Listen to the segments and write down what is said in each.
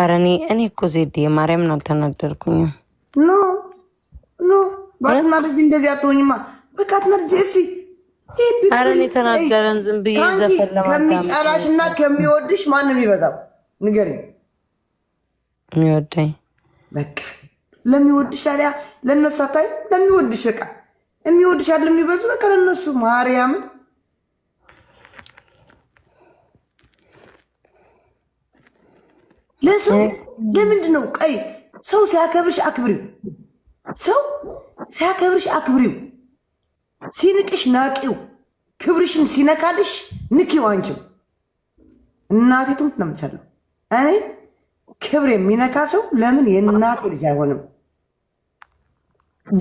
ኧረ እኔ እኔ እኮ ዜድ የማርያምን አልተናደርኩኝም። ኖ ኖ ባትና እንደዚህ አትሆኝማ። በካትና ልጅ እሲ ኧረ እኔ ተናደረን ዝም ብዬ ዘፈን ከሚጠላሽ እና ከሚወድሽ ማንም ይበዛም። ንገሪኝ። የሚወደኝ በቃ ለሚወድሽ ታዲያ ለእነሱ አታይም? ለሚወድሽ በቃ የሚወድሽ አለ የሚበዙ በቃ ለእነሱ ማርያምን ለሰው ለምንድን ነው ቀይ? ሰው ሲያከብርሽ አክብሪው። ሰው ሲያከብርሽ አክብሪው፣ ሲንቅሽ ናቂው፣ ክብርሽን ሲነካልሽ ንኪው። አንቺው እናቴ ትሙት ነው የምቻለው እኔ ክብር የሚነካ ሰው ለምን የእናቴ ልጅ አይሆንም?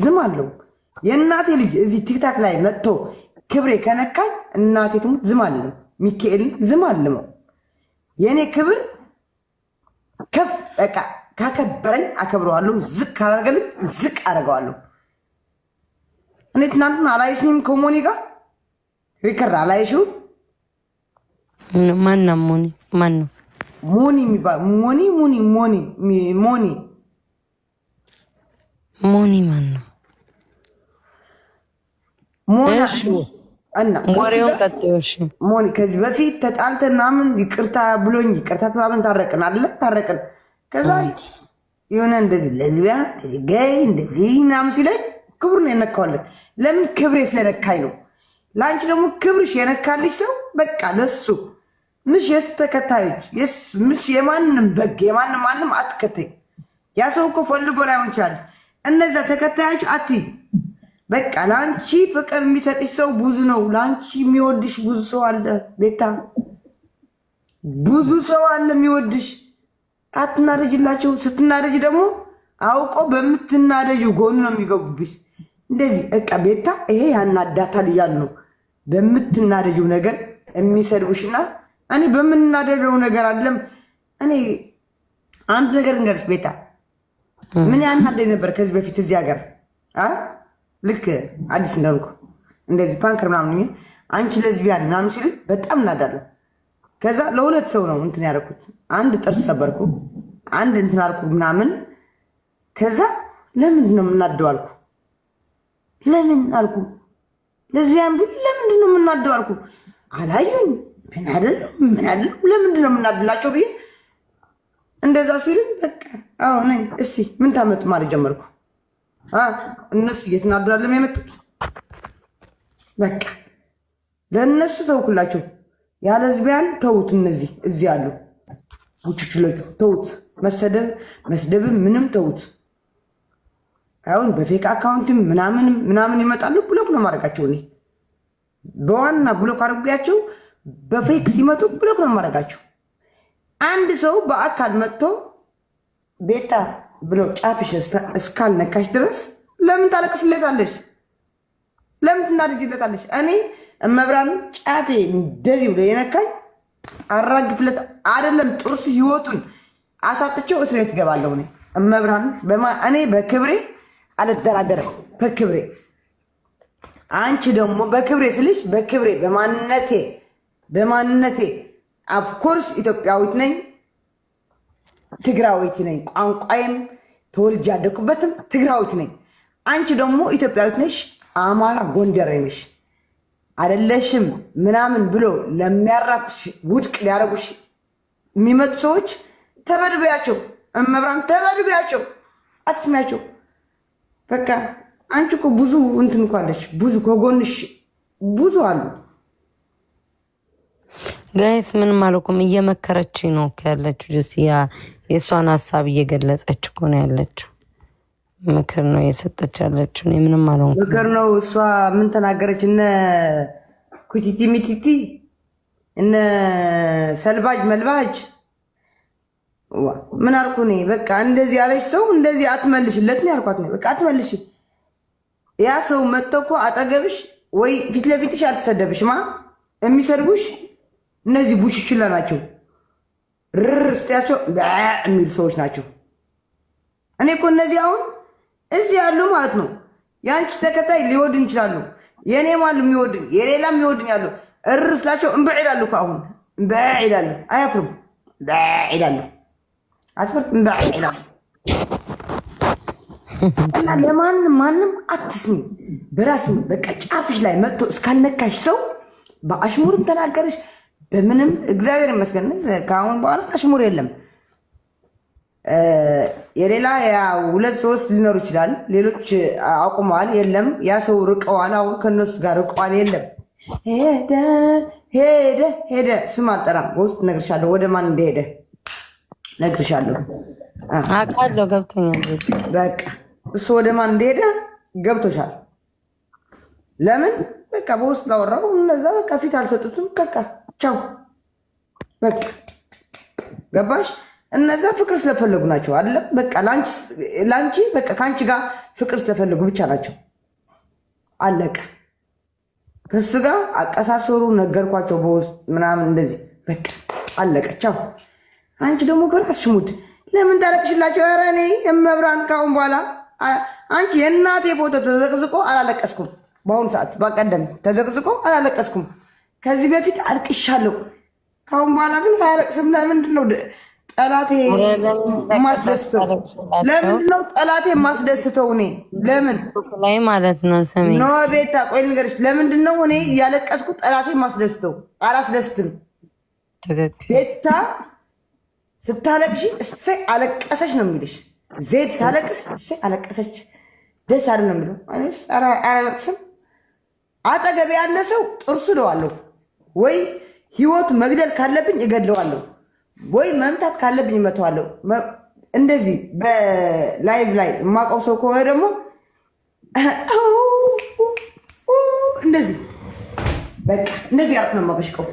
ዝም አለው። የእናቴ ልጅ እዚህ ቲክታክ ላይ መጥቶ ክብሬ ከነካኝ እናቴ ትሙት ዝም አለ። ሚካኤልን ዝም አልመው የእኔ ክብር ከፍ በቃ ካከበረኝ አከብረዋለሁ፣ ዝቅ ካላደረገልኝ ዝቅ አደርገዋለሁ። እኔ ትናንትና አላየሽኝም? ከሞኒ ጋር ሪከር አላየሽው? ማና ሞኒ ማን ሞኒ የሚባል ሞኒ ሞኒ ሞኒ ሞኒ ሞኒ ማን ሞና እና ሞኒ ከዚህ በፊት ተጣልተን ምናምን ይቅርታ ብሎኝ ይቅርታ ተባብን ታረቅን አለ ታረቅን። ከዛ የሆነ እንደዚህ ለዚቢያ ገይ እንደዚህ ምናምን ሲለኝ ክብሩን የነካዋለት ለምን ክብሬ ስለነካኝ ነው። ለአንቺ ደግሞ ክብርሽ የነካልሽ ሰው በቃ ለሱ ምሽ የስ ተከታዮች የስ ምሽ የማንም በግ የማንም ማንም አትከተኝ። ያ ሰው እኮ ፈልጎ ላይሆን ይችላል። እነዛ ተከታዮች አትይ በቃ ለአንቺ ፍቅር የሚሰጥሽ ሰው ብዙ ነው። ለአንቺ የሚወድሽ ብዙ ሰው አለ። ቤታ ብዙ ሰው አለ የሚወድሽ። አትናደጅላቸው። ስትናደጅ ደግሞ አውቆ በምትናደጁ ጎኑ ነው የሚገቡብሽ። እንደዚህ እቃ ቤታ ይሄ ያናዳታል እያሉ ነው በምትናደጅው ነገር የሚሰድቡሽና እኔ በምናደደው ነገር አለም። እኔ አንድ ነገር እንገርስ ቤታ ምን ያናደኝ ነበር ከዚህ በፊት እዚህ ሀገር ልክ አዲስ እንደሆንኩ እንደዚህ ፓንክር ምናምን አንቺ ለዝቢያን ምናምን ሲል በጣም እናዳለን። ከዛ ለሁለት ሰው ነው እንትን ያደረኩት። አንድ ጥርስ ሰበርኩ፣ አንድ እንትን አልኩ ምናምን። ከዛ ለምንድን ነው የምናደው አልኩ። ለምን አልኩ ለዝቢያን ብ ለምንድን ነው የምናደው አልኩ። አላዩን ምን አይደለም ምን አይደለም ለምንድን ነው የምናድላቸው ብዬ እንደዛ ሲልም በቃ አሁ ነኝ እስቲ ምን ታመጡ ማለት ጀመርኩ። እነሱ እየተናደራለም የመጡት በቃ ለእነሱ ተውኩላቸው። ያለ ህዝቢያን ተዉት። እነዚህ እዚህ አሉ ውችችሎቹ ተውት። መሰደብ መስደብም ምንም ተውት። አሁን በፌክ አካውንትም ምናምን ምናምን ይመጣሉ። ብሎክ ነው ማድረጋቸው። እኔ በዋና ብሎክ አድርጊያቸው በፌክ ሲመጡ ብሎክ ነው ማድረጋቸው። አንድ ሰው በአካል መጥቶ ቤታ ብሎ ጫፍሽ እስካልነካሽ ድረስ ለምን ታለቅስለታለሽ? ለምን ትናደጅለታለሽ? እኔ እመብራን ጫፌ እንደዚህ ብሎ የነካኝ አራግፍለት አይደለም ጥርስ ህይወቱን አሳጥቼው እስር ቤት እገባለሁ። እኔ እመብራን እኔ በክብሬ አልደራደርም፣ በክብሬ አንቺ ደግሞ በክብሬ ስልሽ በክብሬ በማንነቴ በማንነቴ አፍኮርስ ኢትዮጵያዊት ነኝ ትግራዊት ነኝ። ቋንቋዬም ተወልጄ ያደኩበትም ትግራዊት ነኝ። አንቺ ደግሞ ኢትዮጵያዊት ነሽ፣ አማራ ጎንደሬ ነሽ አደለሽም ምናምን ብሎ ለሚያራክሽ ውድቅ ሊያደርጉሽ የሚመጡ ሰዎች ተበድቢያቸው፣ እመብራም ተበድቢያቸው፣ አትስሚያቸው። በቃ አንቺ እኮ ብዙ እንትን እኮ አለሽ፣ ብዙ ከጎንሽ ብዙ አሉ። ጋይስ ምንም አልኩም። እየመከረች ነው ያለችው። ጀስ ያ የእሷን ሀሳብ እየገለጸች እኮ ነው ያለችው። ምክር ነው እየሰጠች ያለችው። እኔ ምንም አልሆንኩም። ምክር ነው። እሷ ምን ተናገረች? እነ ኩቲቲ ሚቲቲ፣ እነ ሰልባጅ መልባጅ ምን አልኩ እኔ? በቃ እንደዚህ ያለች ሰው እንደዚህ አትመልሽለት ነው ያልኳት። በቃ አትመልሽ። ያ ሰው መጥቶ እኮ አጠገብሽ ወይ ፊት ለፊትሽ አልተሰደብሽማ የሚሰድቡሽ እነዚህ ቡችችላ ናቸው። ርር ስጥያቸው የሚሉ ሰዎች ናቸው። እኔ እኮ እነዚህ አሁን እዚህ ያሉ ማለት ነው የአንቺ ተከታይ ሊወድን ይችላሉ። የእኔ ማሉ የሚወድን የሌላም የሚወድን ያሉ እርር ስላቸው እምበ ይላሉ። አሁን እምበ ይላሉ። አያፍሩም። እምበ ይላሉ። አስፈርት እምበ ይላሉ። እና ለማንም ማንም አትስሚ። በራስ በቃ ጫፍሽ ላይ መጥቶ እስካልነካሽ ሰው በአሽሙርም ተናገረሽ በምንም እግዚአብሔር ይመስገን ከአሁን በኋላ አሽሙር የለም። የሌላ ሁለት ሶስት ሊኖሩ ይችላል። ሌሎች አቁመዋል፣ የለም ያ ሰው ርቀዋል። አሁን ከነሱ ጋር ርቀዋል፣ የለም ሄደ ሄደ ሄደ። ስም አልጠራም፣ በውስጥ እነግርሻለሁ። ወደ ማን እንደሄደ እነግርሻለሁ። አውቃለሁ፣ ገብቶኛል። በቃ እሱ ወደ ማን እንደሄደ ገብቶሻል። ለምን በቃ በውስጥ ላወራው እነዛ በቃ ፊት አልሰጡትም። በቃ ቻው በቃ ገባሽ? እነዛ ፍቅር ስለፈለጉ ናቸው አለ በቃ ላንቺ በቃ ከአንቺ ጋር ፍቅር ስለፈለጉ ብቻ ናቸው። አለቀ። ከሱ ጋር አቀሳሰሩ ነገርኳቸው በውስጥ ምናምን እንደዚህ በቃ አለቀ። ቻው አንቺ ደግሞ በራስሽ ሙድ ለምን ታለቅሽላቸው? ኧረ እኔ እመብራን ካሁን በኋላ አንቺ የእናቴ ፎቶ ተዘቅዝቆ አላለቀስኩም። በአሁኑ ሰዓት በቀደም ተዘቅዝቆ አላለቀስኩም። ከዚህ በፊት አልቅሻለሁ። ከአሁን በኋላ ግን አያለቅስም። ለምንድን ነው ጠላቴ ማስደስተው? ለምንድን ነው ጠላቴ ማስደስተው? እኔ ለምን ላይ ማለት ነው ሰሚ ኖ ቤታ፣ ቆይ ንገርሽ። ለምንድን ነው እኔ እያለቀስኩ ጠላቴ ማስደስተው? አላስደስትም። ቤታ ስታለቅሽ እሰይ አለቀሰች ነው የሚልሽ። ዜድ ሳለቅስ እሰይ አለቀሰች ደስ አለ ነው የሚለው። አላለቅስም። አጠገቤ ያለ ሰው ጥርሱ እለዋለሁ ወይ ህይወት መግደል ካለብኝ እገድለዋለሁ፣ ወይ መምታት ካለብኝ እመተዋለሁ። እንደዚህ በላይቭ ላይ የማውቀው ሰው ከሆነ ደግሞ እንደዚህ በቃ እንደዚህ ያልኩ ነው የማበሽቀው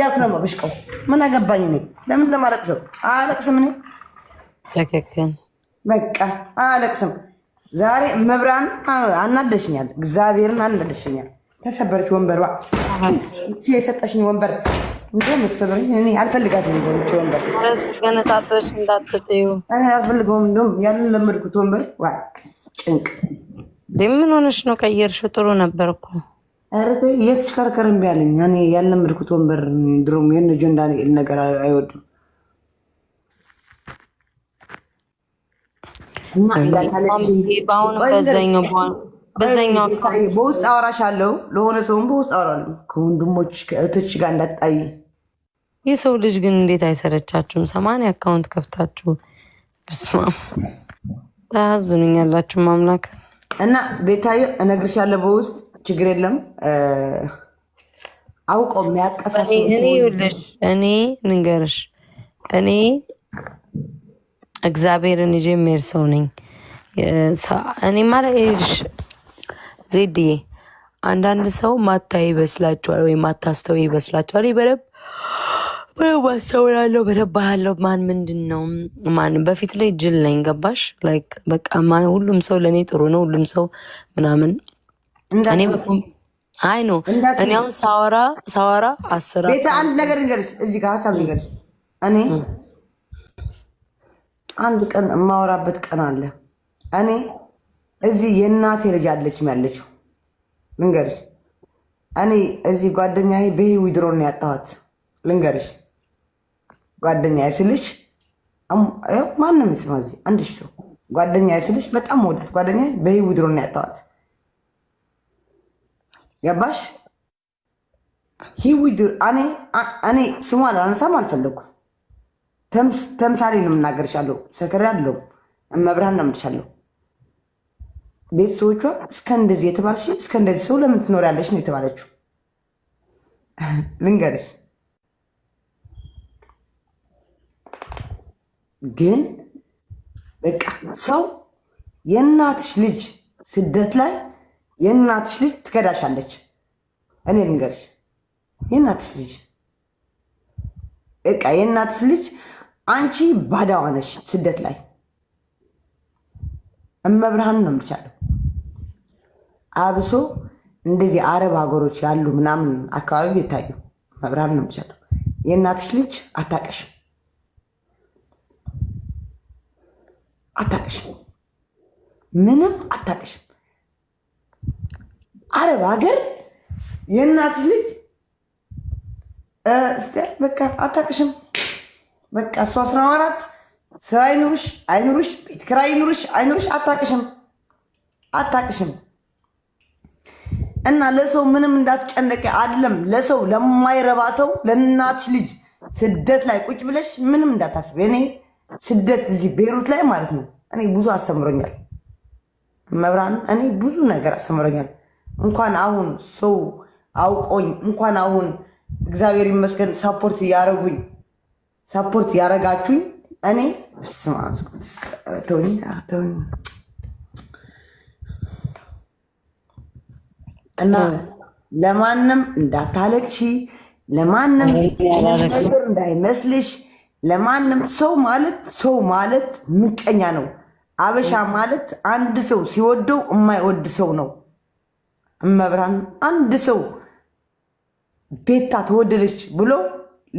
ያልኩ ነው የማበሽቀው። ምን አገባኝ እኔ ለምን ለማለቅሰው? አለቅስም እኔ ትክክል በቃ አለቅስም። ዛሬ መብራን አናደሽኛል፣ እግዚአብሔርን አናደሽኛል። ተሰበረች ወንበሯ። እቺ የሰጠሽኝ ወንበር እንደምትሰብረኝ እኔ አልፈልጋትም። ሆች ወንበር ገነጣጠሽ እንዳትጥዩ አልፈልገውም። እንደውም ያንን ለመድኩት ወንበር ጭንቅ። ምን ሆነሽ ነው ቀየርሽው? ጥሩ ነበር እኮ ረተ እየተሽከርከር እምቢ አለኝ። እኔ ያለመድኩት ወንበር ድሮም ይህን እጁ እንዳንኤል ነገር አይወድም። በአሁኑ በዛኛው በሆነ በዛኛው በውስጥ አወራሽ አለው ለሆነ ሰውም በውስጥ አወራለሁ። ከወንድሞች ከእህቶች ጋር እንዳትጣይ። የሰው ልጅ ግን እንዴት አይሰለቻችሁም? ሰማንያ አካውንት ከፍታችሁ ብስማ ታዝኑኛላችሁ። ማምላክ እና ቤታዬ እነግርሻለሁ። በውስጥ ችግር የለም አውቀው የሚያቀሳስ እኔ ንገርሽ እኔ እግዚአብሔርን ይዤ የሚሄድ ሰው ነኝ። እኔ ማለት ዜድዬ አንዳንድ ሰው ማታ ይበስላቸዋል ወይም ማታስተው ይበስላቸዋል። በደብ በደብ አስተውላለሁ፣ በደብ ማን ምንድን ነው ማን በፊት ላይ ጅል ነኝ። ገባሽ ላይክ በቃ ሁሉም ሰው ለእኔ ጥሩ ነው፣ ሁሉም ሰው ምናምን እኔ አይ ነው እኔ አሁን ሳወራ ሳወራ አስራ ቤተ አንድ ነገር ንገርሽ፣ እዚህ ጋር ሀሳብ ንገርሽ። እኔ አንድ ቀን የማወራበት ቀን አለ እኔ እዚህ የእናቴ ልጅ አለች ያለችው ልንገርሽ። እኔ እዚህ ጓደኛዬ በህዊ ድሮ ነው ያጣኋት። ልንገርሽ ጓደኛዬ ስልሽ ማንም ስማ፣ እዚህ አንድ ሺህ ሰው ጓደኛዬ ስልሽ በጣም መውዳት ጓደኛዬ በህዊ ድሮ ነው ያጣኋት። ገባሽ? እኔ ስሟ ላነሳም አልፈለኩም። ተምሳሌ ነው የምናገርሻለሁ። ሰክሬ አለው መብርሃን ነው የምልሻለሁ ቤተሰቦቿ እስከ እንደዚህ የተባልሽ እስከ እንደዚህ ሰው ለምን ትኖሪያለሽ ነው የተባለችው። ልንገርሽ ግን በቃ ሰው የእናትሽ ልጅ ስደት ላይ የእናትሽ ልጅ ትከዳሻለች። እኔ ልንገርሽ የእናትሽ ልጅ በቃ የእናትሽ ልጅ አንቺ ባዳዋነሽ ስደት ላይ እመብርሃን ነው የምልቻለሁ። አብሶ እንደዚህ አረብ ሀገሮች ያሉ ምናምን አካባቢ የታዩ መብርሃን ነው የምልቻለሁ። የእናትሽ ልጅ አታቀሽም አታቀሽም ምንም አታቀሽም። አረብ ሀገር የእናትሽ ልጅ ስ በቃ አታቀሽም። በቃ እሱ አስራ አራት ስራ አይኑርሽ አይኑርሽ ቤት ኪራይ አይኑርሽ አይኑርሽ አታቅሽም አታቅሽም። እና ለሰው ምንም እንዳትጨነቀ አይደለም ለሰው ለማይረባ ሰው ለእናትሽ ልጅ ስደት ላይ ቁጭ ብለሽ ምንም እንዳታስብ። እኔ ስደት እዚህ ቤሩት ላይ ማለት ነው እኔ ብዙ አስተምሮኛል። መብራን እኔ ብዙ ነገር አስተምሮኛል። እንኳን አሁን ሰው አውቆኝ እንኳን አሁን እግዚአብሔር ይመስገን ሳፖርት ያረጉኝ ሳፖርት ያረጋችሁኝ እኔ ስማ እና ለማንም እንዳታለቅሺ፣ ለማንም ነገር እንዳይመስልሽ። ለማንም ሰው ማለት ሰው ማለት ምቀኛ ነው። አበሻ ማለት አንድ ሰው ሲወደው የማይወድ ሰው ነው። እመብራን አንድ ሰው ቤታ ተወደደች ብሎ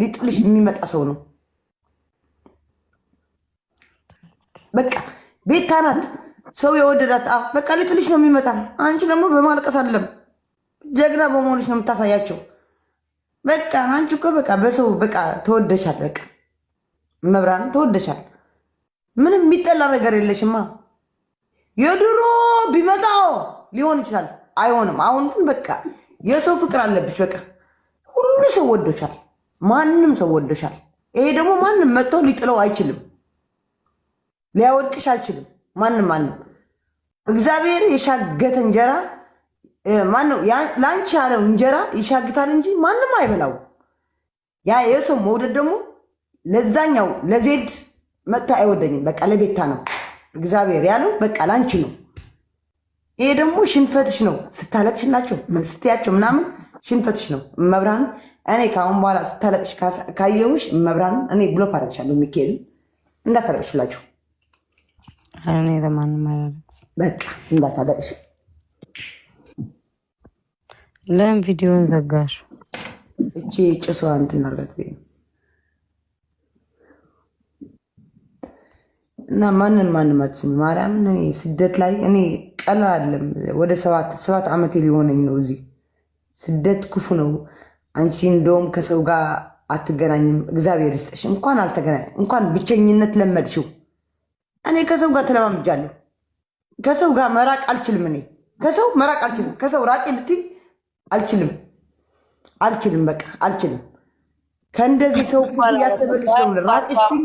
ሊጥልሽ የሚመጣ ሰው ነው። በቃ ቤታ ናት ሰው የወደዳት በቃ ልጥልሽ ነው የሚመጣ። አንቺ ደግሞ በማልቀስ አለም ጀግና በመሆንሽ ነው የምታሳያቸው። በቃ አንቺ እኮ በቃ በሰው በቃ ተወደሻል። በቃ መብራን ተወደሻል። ምንም የሚጠላ ነገር የለሽማ። የድሮ ቢመጣው ሊሆን ይችላል፣ አይሆንም። አሁን ግን በቃ የሰው ፍቅር አለብሽ። በቃ ሁሉ ሰው ወዶሻል። ማንም ሰው ወዶሻል። ይሄ ደግሞ ማንም መጥተው ሊጥለው አይችልም። ሊያወድቅሽ አልችልም። ማንም ማንም እግዚአብሔር የሻገተ እንጀራ ማነው ለአንቺ ያለው እንጀራ ይሻግታል እንጂ ማንም አይበላው። ያ የሰው መውደድ ደግሞ ለዛኛው ለዜድ መጥቶ አይወደኝም። በቃ ለቤታ ነው እግዚአብሔር ያለው በቃ ለአንቺ ነው። ይሄ ደግሞ ሽንፈትሽ ነው። ስታለቅሽላቸው ስትያቸው ምናምን ሽንፈትሽ ነው። መብራን እኔ ከአሁን በኋላ ስታለቅሽ ካየውሽ መብራን እኔ ብሎ ፓረቻለሁ። ሚካኤል እንዳታለቅሽላቸው እኔ ለማንም አላለቅስ። በቃ እንዳታለቅሽ። ለምን ቪዲዮን ዘጋሽ? እቺ ጭሷ እንትን አድርጋት ቤት እና ማንን ማንም አትስሚ። ማርያምን ስደት ላይ እኔ ቀላል አይደለም። ወደ ሰባት ሰባት ዓመቴ ሊሆነኝ ነው። እዚህ ስደት ክፉ ነው። አንቺ እንደውም ከሰው ጋር አትገናኝም። እግዚአብሔር ይስጥሽ። እንኳን አልተገናኝ እንኳን ብቸኝነት ለመድሽው እኔ ከሰው ጋር ተለማምጃለሁ። ከሰው ጋር መራቅ አልችልም። እኔ ከሰው መራቅ አልችልም። ከሰው ራቅ ብትይ አልችልም፣ አልችልም፣ በቃ አልችልም። ከእንደዚህ ሰው እያሰበልሽ ነው ራቅ ስትይ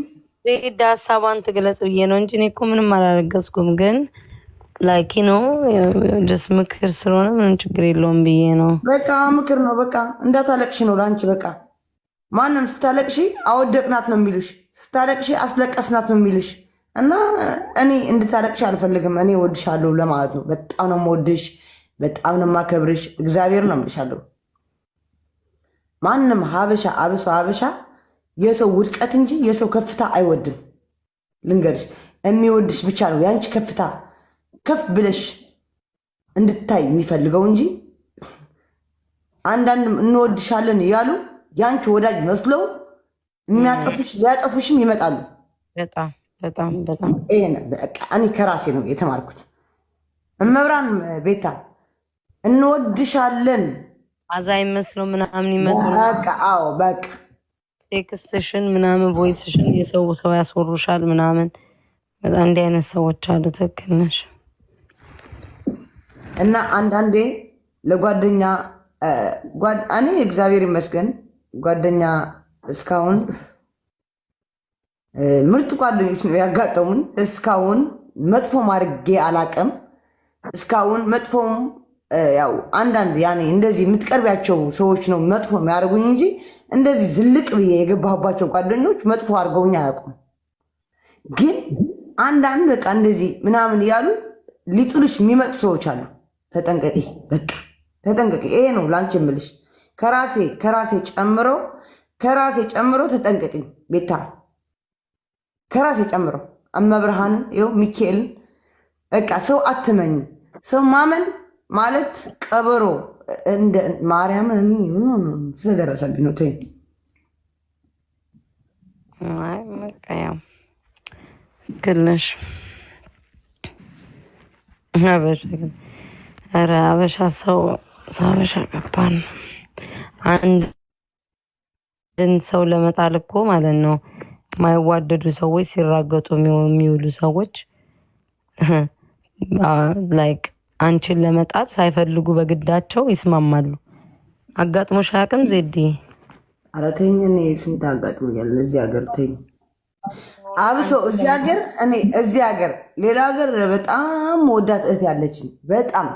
ዜድ ሀሳቧን ትግለጽ ብዬ ነው እንጂ እኔ እኮ ምንም አላረገዝኩም። ግን ላኪ ነው ደስ ምክር ስለሆነ ምንም ችግር የለውም ብዬ ነው። በቃ ምክር ነው። በቃ እንዳታለቅሽ ነው ለአንቺ። በቃ ማንም ስታለቅሺ አወደቅናት ነው የሚሉሽ፣ ስታለቅሺ አስለቀስናት ነው የሚሉሽ። እና እኔ እንድታለቅሽ አልፈልግም። እኔ ወድሻለሁ ለማለት ነው። በጣም ነው ወድሽ፣ በጣም ነው ማከብርሽ። እግዚአብሔር ነው ምልሻለሁ። ማንም ሀበሻ አብሶ ሀበሻ የሰው ውድቀት እንጂ የሰው ከፍታ አይወድም። ልንገርሽ፣ የሚወድሽ ብቻ ነው ያንቺ ከፍታ ከፍ ብለሽ እንድታይ የሚፈልገው እንጂ አንዳንድም እንወድሻለን እያሉ ያንቺ ወዳጅ መስለው የሚያጠፉሽ ሊያጠፉሽም ይመጣሉ። በጣም በጣም እኔ ከራሴ ነው የተማርኩት። እመብራን ቤታ እንወድሻለን። አዛ ይመስለው ምናምን ይመስለው አዎ፣ በቃ ቴክስትሽን ምናምን ቮይስሽን የሰው ሰው ያስወሩሻል ምናምን። በጣም እንዲህ አይነት ሰዎች አሉ። ትክክል ነሽ። እና አንዳንዴ ለጓደኛ እኔ እግዚአብሔር ይመስገን ጓደኛ እስካሁን ምርጥ ጓደኞች ነው ያጋጠሙን። እስካሁን መጥፎ አድርጌ አላቀም። እስካሁን መጥፎም ያው አንዳንድ ያኔ እንደዚህ የምትቀርቢያቸው ሰዎች ነው መጥፎ የሚያደርጉኝ እንጂ እንደዚህ ዝልቅ ብዬ የገባባቸው ጓደኞች መጥፎ አድርገውኝ አያውቁም። ግን አንዳንድ በቃ እንደዚህ ምናምን እያሉ ሊጥሉሽ የሚመጡ ሰዎች አሉ። ተጠንቀቂ፣ በቃ ተጠንቀቂ። ይሄ ነው ላንቺ የምልሽ። ከራሴ ከራሴ ጨምሮ ከራሴ ጨምሮ ተጠንቀቂኝ ቤታ ከራሴ ጨምሮ እመብርሃንን ይኸው ሚካኤል በቃ ሰው አትመኝ። ሰው ማመን ማለት ቀበሮ እንደ ማርያምን እኔ ስለደረሰብኝ ነው። ተይ ግልሽ አበሻ ሰው ሳበሻ ገባን። አንድን ሰው ለመጣል እኮ ማለት ነው የማይዋደዱ ሰዎች ሲራገጡ የሚውሉ ሰዎች ላይክ አንቺን ለመጣል ሳይፈልጉ በግዳቸው ይስማማሉ። አጋጥሞሽ አያውቅም ዜዴ? ኧረ ተይኝ፣ እኔ ስንት አጋጥሞኛል እዚህ ሀገር። ተይኝ፣ አብሶ እዚህ ሀገር እኔ እዚህ ሀገር ሌላ ሀገር በጣም ወዳት እህት ያለችኝ በጣም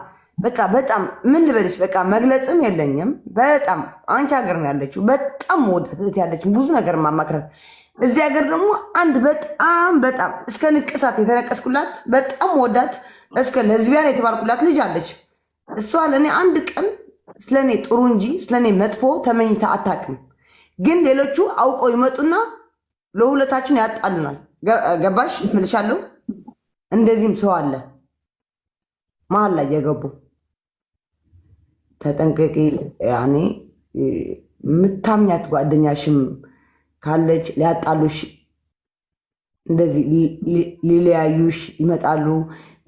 በቃ በጣም ምን ልበልሽ፣ በቃ መግለጽም የለኝም። በጣም አንቺ ሀገር ነው ያለችው። በጣም ወዳት እህት ያለችኝ ብዙ ነገር ማማክረት እዚህ ሀገር ደግሞ አንድ በጣም በጣም እስከ ንቅሳት የተነቀስኩላት በጣም ወዳት እስከ ለህዝቢያን የተባልኩላት ልጅ አለች። እሷ ለእኔ አንድ ቀን ስለእኔ ጥሩ እንጂ ስለእኔ መጥፎ ተመኝታ አታውቅም። ግን ሌሎቹ አውቀው ይመጡና ለሁለታችን ያጣሉናል። ገባሽ ምልሻለሁ። እንደዚህም ሰው አለ መሀል ላይ የገቡ ተጠንቀቂ። ያኔ የምታምኛት ጓደኛሽም ካለች ሊያጣሉሽ እንደዚህ ሊለያዩሽ ይመጣሉ።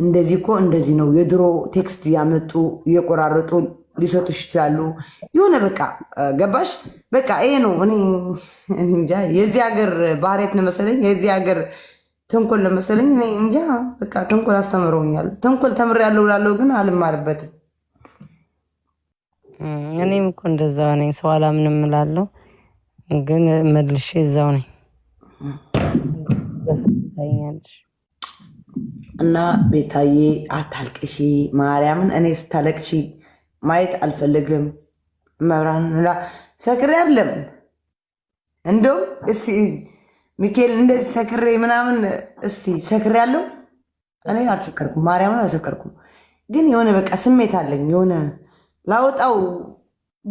እንደዚህ እኮ እንደዚህ ነው። የድሮ ቴክስት ያመጡ እየቆራረጡ ሊሰጡሽ ይችላሉ። የሆነ በቃ ገባሽ? በቃ ይሄ ነው። እኔ እንጃ የዚህ ሀገር ባህሬት ነው መሰለኝ፣ የዚህ ሀገር ተንኮል ነው መሰለኝ። እኔ እንጃ በቃ ተንኮል አስተምረውኛል። ተንኮል ተምሬያለሁ እላለሁ፣ ግን አልማርበትም። እኔም እኮ እንደዛ ነኝ። ሰው አላምንም እላለሁ ግን መልሼ እዛው ነኝ እና ቤታዬ አታልቅሺ፣ ማርያምን እኔ ስታለቅሺ ማየት አልፈልግም። መብራን ሰክሬ አለም እንደውም እስቲ ሚካኤል እንደዚህ ሰክሬ ምናምን እስቲ ሰክሬ አለው። እኔ አልሰከርኩም፣ ማርያምን አልሰከርኩም። ግን የሆነ በቃ ስሜት አለኝ የሆነ ላወጣው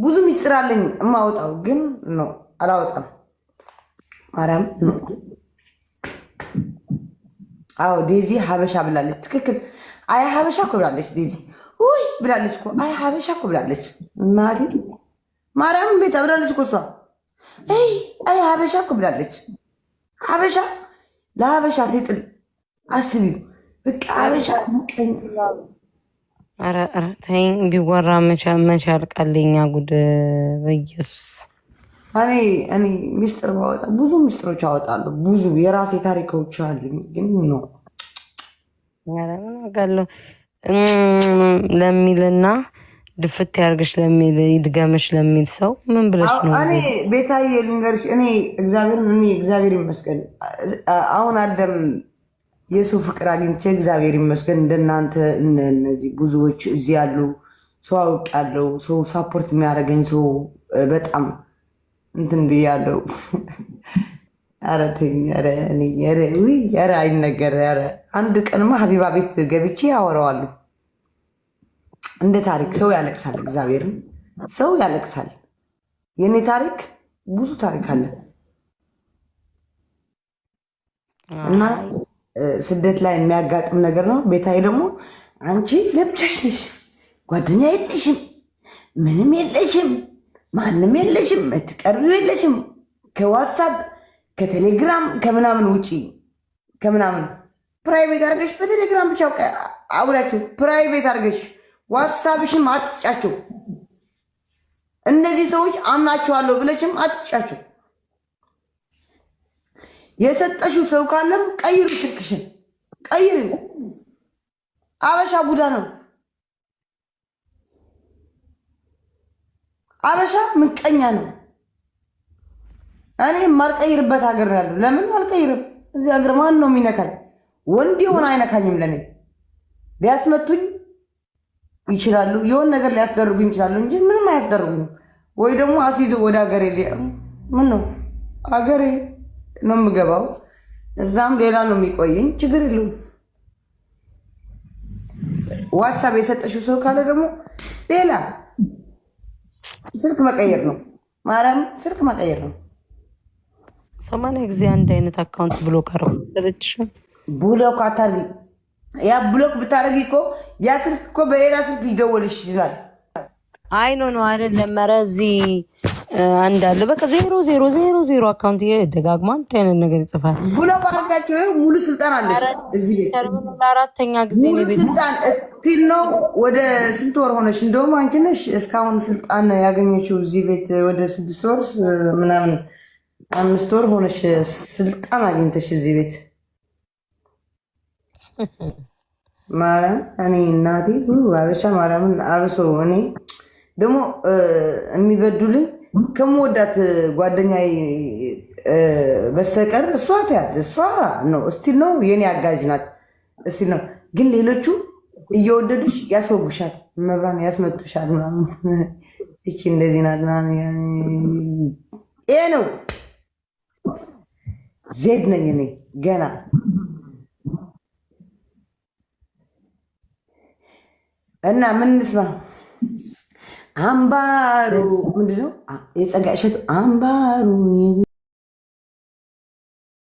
ብዙ ሚስጥር አለኝ የማወጣው ግን ነው አላወጣም። ማርያም አዎ፣ ዴዚ ሀበሻ ብላለች። ትክክል። አይ ሀበሻ እኮ ብላለች። ዴዚ ውይ ብላለች እኮ አይ ሀበሻ እኮ ብላለች። ማቲ ማርያም ቤት አብራለች እኮ እሷ። አይ ሀበሻ እኮ ብላለች። ሀበሻ ለሀበሻ ሲጥል አስቢው። በቃ ሀበሻ ሙቀኝ ቢወራ መቻል ቃል የኛ ጉድ በኢየሱስ እኔ እኔ ሚስጥር ባወጣ ብዙ ሚስጥሮች አወጣሉ። ብዙ የራሴ ታሪኮች አሉ። ግን ነው ያረጋለሁ ለሚልና ድፍት ያርግሽ ለሚል ይድገምሽ ለሚል ሰው ምን ብለሽ ነው? እኔ ቤታዬ ልንገርሽ፣ እኔ እግዚአብሔር እኔ እግዚአብሔር ይመስገን አሁን አደም የሰው ፍቅር አግኝቼ እግዚአብሔር ይመስገን እንደናንተ እነዚህ ብዙዎች እዚህ ያሉ ሰው አውቅ ያለው ሰው ሳፖርት የሚያደርገኝ ሰው በጣም እንትን ብያለው። ኧረ ተኝ፣ ኧረ እኔ ኧረ ውይ፣ ኧረ አይነገር። ኧረ አንድ ቀንማ ሀቢባ ቤት ገብቼ ያወረዋሉ እንደ ታሪክ። ሰው ያለቅሳል፣ እግዚአብሔርን ሰው ያለቅሳል። የእኔ ታሪክ ብዙ ታሪክ አለ እና ስደት ላይ የሚያጋጥም ነገር ነው። ቤታዬ ደግሞ አንቺ ለብቻሽ ነሽ፣ ጓደኛ የለሽም፣ ምንም የለሽም ማንም የለሽም፣ የምትቀርቢው የለሽም። ከዋትሳፕ ከቴሌግራም ከምናምን ውጪ ከምናምን ፕራይቬት አርገሽ በቴሌግራም ብቻ አውሪያቸው። ፕራይቬት አርገሽ ዋትሳፕሽም አትስጫቸው። እነዚህ ሰዎች አምናቸዋለሁ ብለሽም አትስጫቸው። የሰጠሽው ሰው ካለም ቀይሩ፣ ስልክሽን ቀይሩ። አበሻ ቡዳ ነው። አበሻ ምቀኛ ነው። እኔ የማልቀይርበት ሀገር ነው ያለው። ለምን አልቀይርም? እዚህ ሀገር ማን ነው የሚነካኝ? ወንድ የሆነ አይነካኝም። ለእኔ ሊያስመቱኝ ይችላሉ፣ የሆን ነገር ሊያስደርጉኝ ይችላሉ እንጂ ምንም አያስደርጉኝም። ወይ ደግሞ አስይዞ ወደ ሀገሬ ምን ነው ሀገሬ ነው የምገባው። እዛም ሌላ ነው የሚቆየኝ። ችግር የለውም። ዋሳብ የሰጠሽው ሰው ካለ ደግሞ ሌላ ስልክ መቀየር ነው። ማርያም ስልክ መቀየር ነው። ሰማንያ ጊዜ አንድ አይነት አካውንት ብሎክ አረው ሰለችሽ። ብሎክ አታርጊ። ያ ብሎክ ብታደርጊ እኮ ያ ስልክ እኮ በሌላ ስልክ ሊደወልሽ ይችላል። አይ ኖ ኖ አይደለም። ኧረ እዚህ አንድ አለ በቃ ዜሮ ዜሮ ዜሮ ዜሮ አካውንት ደጋግማ አንድ አይነት ነገር ይጽፋል። ብሎክ አድርጋቸው ሙሉ ስልጣን አለች እዚህ ቤት አራተኛ ጊዜ ሙሉ ስልጣን እስቲል ነው። ወደ ስንት ወር ሆነች? እንደውም አንቺ ነሽ እስካሁን ስልጣን ያገኘችው እዚህ ቤት ወደ ስድስት ወር ምናምን አምስት ወር ሆነች ስልጣን አግኝተሽ እዚህ ቤት ማርያም። እኔ እናቴ አበቻ ማርያምን አብሶ እኔ ደግሞ የሚበዱልኝ ከምወዳት ጓደኛ በስተቀር እሷ ትያት እሷ ነው እስቲል ነው የኔ አጋዥ ናት እስቲል ነው። ግን ሌሎቹ እየወደዱሽ ያስወጉሻል፣ መብራን ያስመጡሻል ምናምን እቺ እንደዚህ ናት ምናምን። ይሄ ነው ዜድ ነኝ እኔ ገና እና ምን እንስማ አምባሩ ምንድነው? የጸጋ እሸቱ አምባሩ